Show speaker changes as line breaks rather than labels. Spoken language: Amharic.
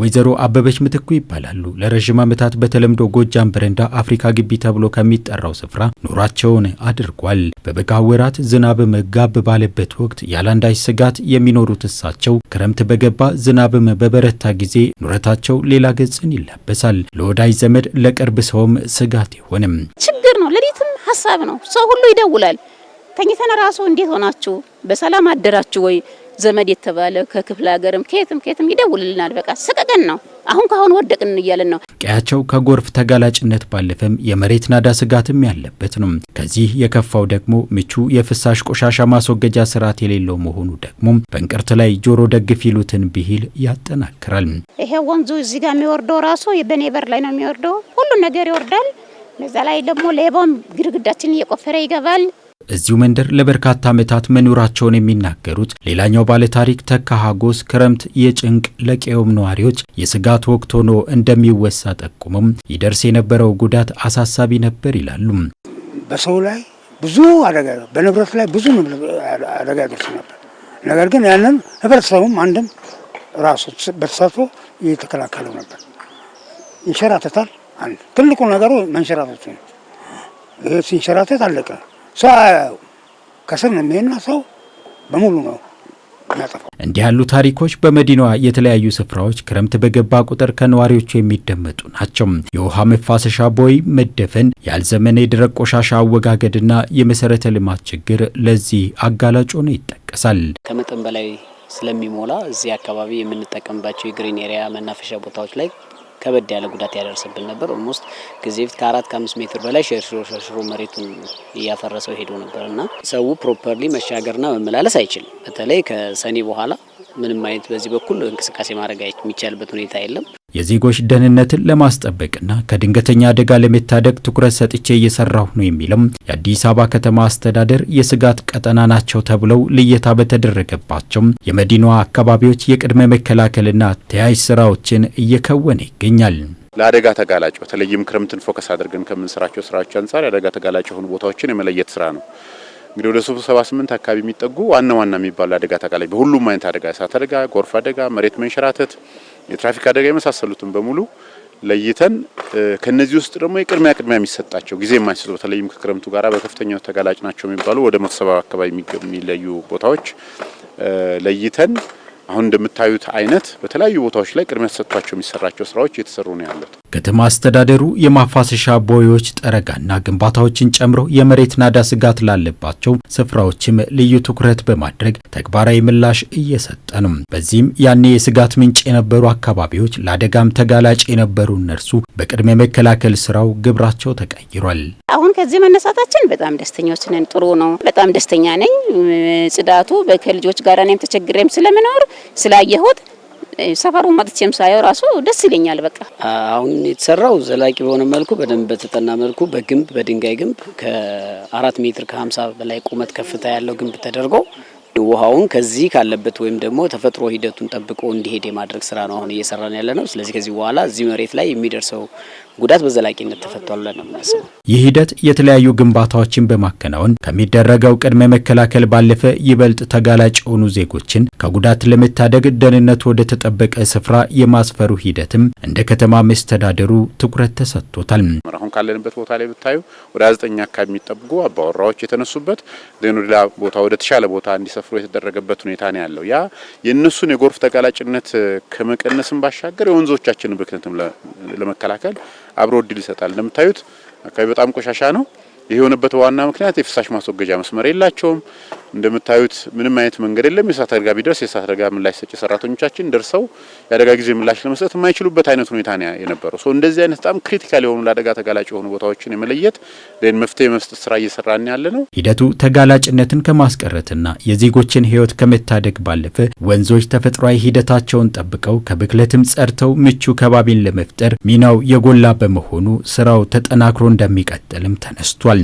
ወይዘሮ አበበች ምትኩ ይባላሉ። ለረዥም ዓመታት በተለምዶ ጎጃም በረንዳ አፍሪካ ግቢ ተብሎ ከሚጠራው ስፍራ ኑሯቸውን አድርጓል። በበጋ ወራት ዝናብ መጋብ ባለበት ወቅት ያላንዳች ስጋት የሚኖሩት እሳቸው ክረምት በገባ ዝናብም በበረታ ጊዜ ኑረታቸው ሌላ ገጽን ይላበሳል። ለወዳጅ ዘመድ፣ ለቅርብ ሰውም ስጋት አይሆንም።
ችግር ነው። ሌሊትም ሀሳብ ነው። ሰው ሁሉ ይደውላል። ተኝተን ራሱ እንዴት ሆናችሁ በሰላም አደራችሁ ወይ ዘመድ የተባለ ከክፍለ ሀገርም ከየትም ከየትም ይደውልልናል። በቃ ሰቀቀን ነው። አሁን ካሁን ወደቅን እያለን ነው።
ቀያቸው ከጎርፍ ተጋላጭነት ባለፈም የመሬት ናዳ ስጋትም ያለበት ነው። ከዚህ የከፋው ደግሞ ምቹ የፍሳሽ ቆሻሻ ማስወገጃ ስርዓት የሌለው መሆኑ ደግሞ በእንቅርት ላይ ጆሮ ደግፍ ይሉትን ብሂል ያጠናክራል።
ይሄ ወንዙ እዚህ ጋር የሚወርደው ራሱ በኔበር ላይ ነው የሚወርደው። ሁሉ ነገር ይወርዳል። በዛ ላይ ደግሞ ሌባም ግድግዳችን እየቆፈረ ይገባል።
እዚሁ መንደር ለበርካታ ዓመታት መኖራቸውን የሚናገሩት ሌላኛው ባለታሪክ ተካሃጎስ ክረምት የጭንቅ ለቀየውም ነዋሪዎች የስጋት ወቅት ሆኖ እንደሚወሳ ጠቁሙም ይደርስ የነበረው ጉዳት አሳሳቢ ነበር ይላሉ።
በሰው ላይ ብዙ አደጋ፣ በንብረት ላይ ብዙ አደጋ ይደርስ ነበር። ነገር ግን ያንን ህብረተሰቡም አንድም ራሱ በተሳትፎ እየተከላከሉ ነበር። እንሸራተታል። አንድ ትልቁ ነገሩ መንሸራተቱ ነው። ይህ ሲንሸራተት አለቀ። ከስር የሚሄድና ሰው በሙሉ ነው
የሚያጠፋው። እንዲህ ያሉ ታሪኮች በመዲናዋ የተለያዩ ስፍራዎች ክረምት በገባ ቁጥር ከነዋሪዎቹ የሚደመጡ ናቸው። የውሃ መፋሰሻ ቦይ መደፈን፣ ያልዘመነ የደረቅ ቆሻሻ አወጋገድና የመሰረተ ልማት ችግር ለዚህ አጋላጭ ሆኖ ይጠቀሳል።
ከመጠን በላይ ስለሚሞላ እዚህ አካባቢ የምንጠቀምባቸው የግሪን ኤሪያ መናፈሻ ቦታዎች ላይ ከበድ ያለ ጉዳት ያደርስብን ነበር። ኦልሞስት ጊዜ በፊት ከአራት ከአምስት ሜትር በላይ ሸርሽሮ ሸርሽሮ መሬቱን እያፈረሰው ሄዶ ነበር እና ሰው ፕሮፐርሊ መሻገርና መመላለስ አይችልም። በተለይ ከሰኔ በኋላ ምንም አይነት በዚህ በኩል እንቅስቃሴ ማድረግ የሚቻልበት ሁኔታ የለም።
የዜጎች ደህንነትን ለማስጠበቅና ከድንገተኛ አደጋ ለመታደግ ትኩረት ሰጥቼ እየሰራሁ ነው የሚለም የአዲስ አበባ ከተማ አስተዳደር የስጋት ቀጠና ናቸው ተብለው ልየታ በተደረገባቸው የመዲናዋ አካባቢዎች የቅድመ መከላከልና ተያያዥ ስራዎችን እየከወነ ይገኛል።
ለአደጋ ተጋላጭ በተለይም ክረምትን ፎከስ አድርገን ከምንሰራቸው ስራዎች አንጻር የአደጋ ተጋላጭ የሆኑ ቦታዎችን የመለየት ስራ ነው። እንግዲህ ወደ 378 አካባቢ የሚጠጉ ዋና ዋና የሚባሉ አደጋ ተቃላይ በሁሉም አይነት አደጋ እሳት አደጋ፣ ጎርፍ አደጋ፣ መሬት መንሸራተት፣ የትራፊክ አደጋ የመሳሰሉትን በሙሉ ለይተን ከነዚህ ውስጥ ደግሞ የቅድሚያ ቅድሚያ የሚሰጣቸው ጊዜ የማይሰጡ በተለይም ከክረምቱ ጋራ በከፍተኛው ተጋላጭ ናቸው የሚባሉ ወደ መቶ ሰባ አካባቢ የሚለዩ ቦታዎች ለይተን አሁን እንደምታዩት አይነት በተለያዩ ቦታዎች ላይ ቅድሚያ ተሰጥቷቸው የሚሰራቸው ስራዎች እየተሰሩ ነው ያሉት።
ከተማ አስተዳደሩ የማፋሰሻ ቦዮች ጠረጋና ግንባታዎችን ጨምሮ የመሬት ናዳ ስጋት ላለባቸው ስፍራዎችም ልዩ ትኩረት በማድረግ ተግባራዊ ምላሽ እየሰጠ ነው። በዚህም ያኔ የስጋት ምንጭ የነበሩ አካባቢዎች ለአደጋም ተጋላጭ የነበሩ እነርሱ በቅድመ መከላከል ስራው ግብራቸው ተቀይሯል።
አሁን ከዚህ መነሳታችን በጣም ደስተኞች ነን። ጥሩ ነው። በጣም ደስተኛ ነኝ። ጽዳቱ ከልጆች ጋር እኔም ተቸግሬም ስለምኖር ስላየሁት ሰፈሩን መጥቼም ሳየው ራሱ ደስ ይለኛል። በቃ
አሁን የተሰራው ዘላቂ በሆነ መልኩ በደንብ በተጠና መልኩ በግንብ በድንጋይ ግንብ ከአራት ሜትር ከሀምሳ በላይ ቁመት ከፍታ ያለው ግንብ ተደርጎ ውሃውን ከዚህ ካለበት ወይም ደግሞ ተፈጥሮ ሂደቱን ጠብቆ እንዲሄድ የማድረግ ስራ ነው አሁን እየሰራን ያለ ነው። ስለዚህ ከዚህ በኋላ እዚህ መሬት ላይ የሚደርሰው ጉዳት በዘላቂነት ተፈቷል ብለን ነው የምናስበው።
ይህ ሂደት የተለያዩ ግንባታዎችን በማከናወን ከሚደረገው ቅድመ መከላከል ባለፈ ይበልጥ ተጋላጭ የሆኑ ዜጎችን ከጉዳት ለመታደግ ደህንነቱ ወደ ተጠበቀ ስፍራ የማስፈሩ ሂደትም እንደ ከተማ መስተዳደሩ ትኩረት ተሰጥቶታል።
አሁን ካለንበት ቦታ ላይ ብታዩ ወደ ዘጠኝ አካባቢ የሚጠብቁ አባወራዎች የተነሱበት ሌላ ቦታ ወደ ተሻለ ቦታ እንዲሰ ሰፍሮ የተደረገበት ሁኔታ ነው ያለው። ያ የእነሱን የጎርፍ ተጋላጭነት ከመቀነስም ባሻገር የወንዞቻችንን ብክነትም ለመከላከል አብሮ እድል ይሰጣል። እንደምታዩት አካባቢ በጣም ቆሻሻ ነው። ይህ የሆነበት ዋና ምክንያት የፍሳሽ ማስወገጃ መስመር የላቸውም። እንደምታዩት ምንም አይነት መንገድ የለም። የእሳት አደጋ ቢደርስ የእሳት አደጋ ምላሽ ሰጪ ሰራተኞቻችን ደርሰው የአደጋ ጊዜ ምላሽ ለመስጠት የማይችሉበት አይነት ሁኔታ ነው የነበረው። እንደዚህ አይነት በጣም ክሪቲካል የሆኑ ለአደጋ ተጋላጭ የሆኑ ቦታዎችን የመለየት ን መፍትሄ የመስጠት ስራ እየሰራን ያለ ነው።
ሂደቱ ተጋላጭነትን ከማስቀረትና የዜጎችን ህይወት ከመታደግ ባለፈ ወንዞች ተፈጥሯዊ ሂደታቸውን ጠብቀው ከብክለትም ጸርተው ምቹ ከባቢን ለመፍጠር ሚናው የጎላ በመሆኑ ስራው ተጠናክሮ እንደሚቀጥልም ተነስቷል።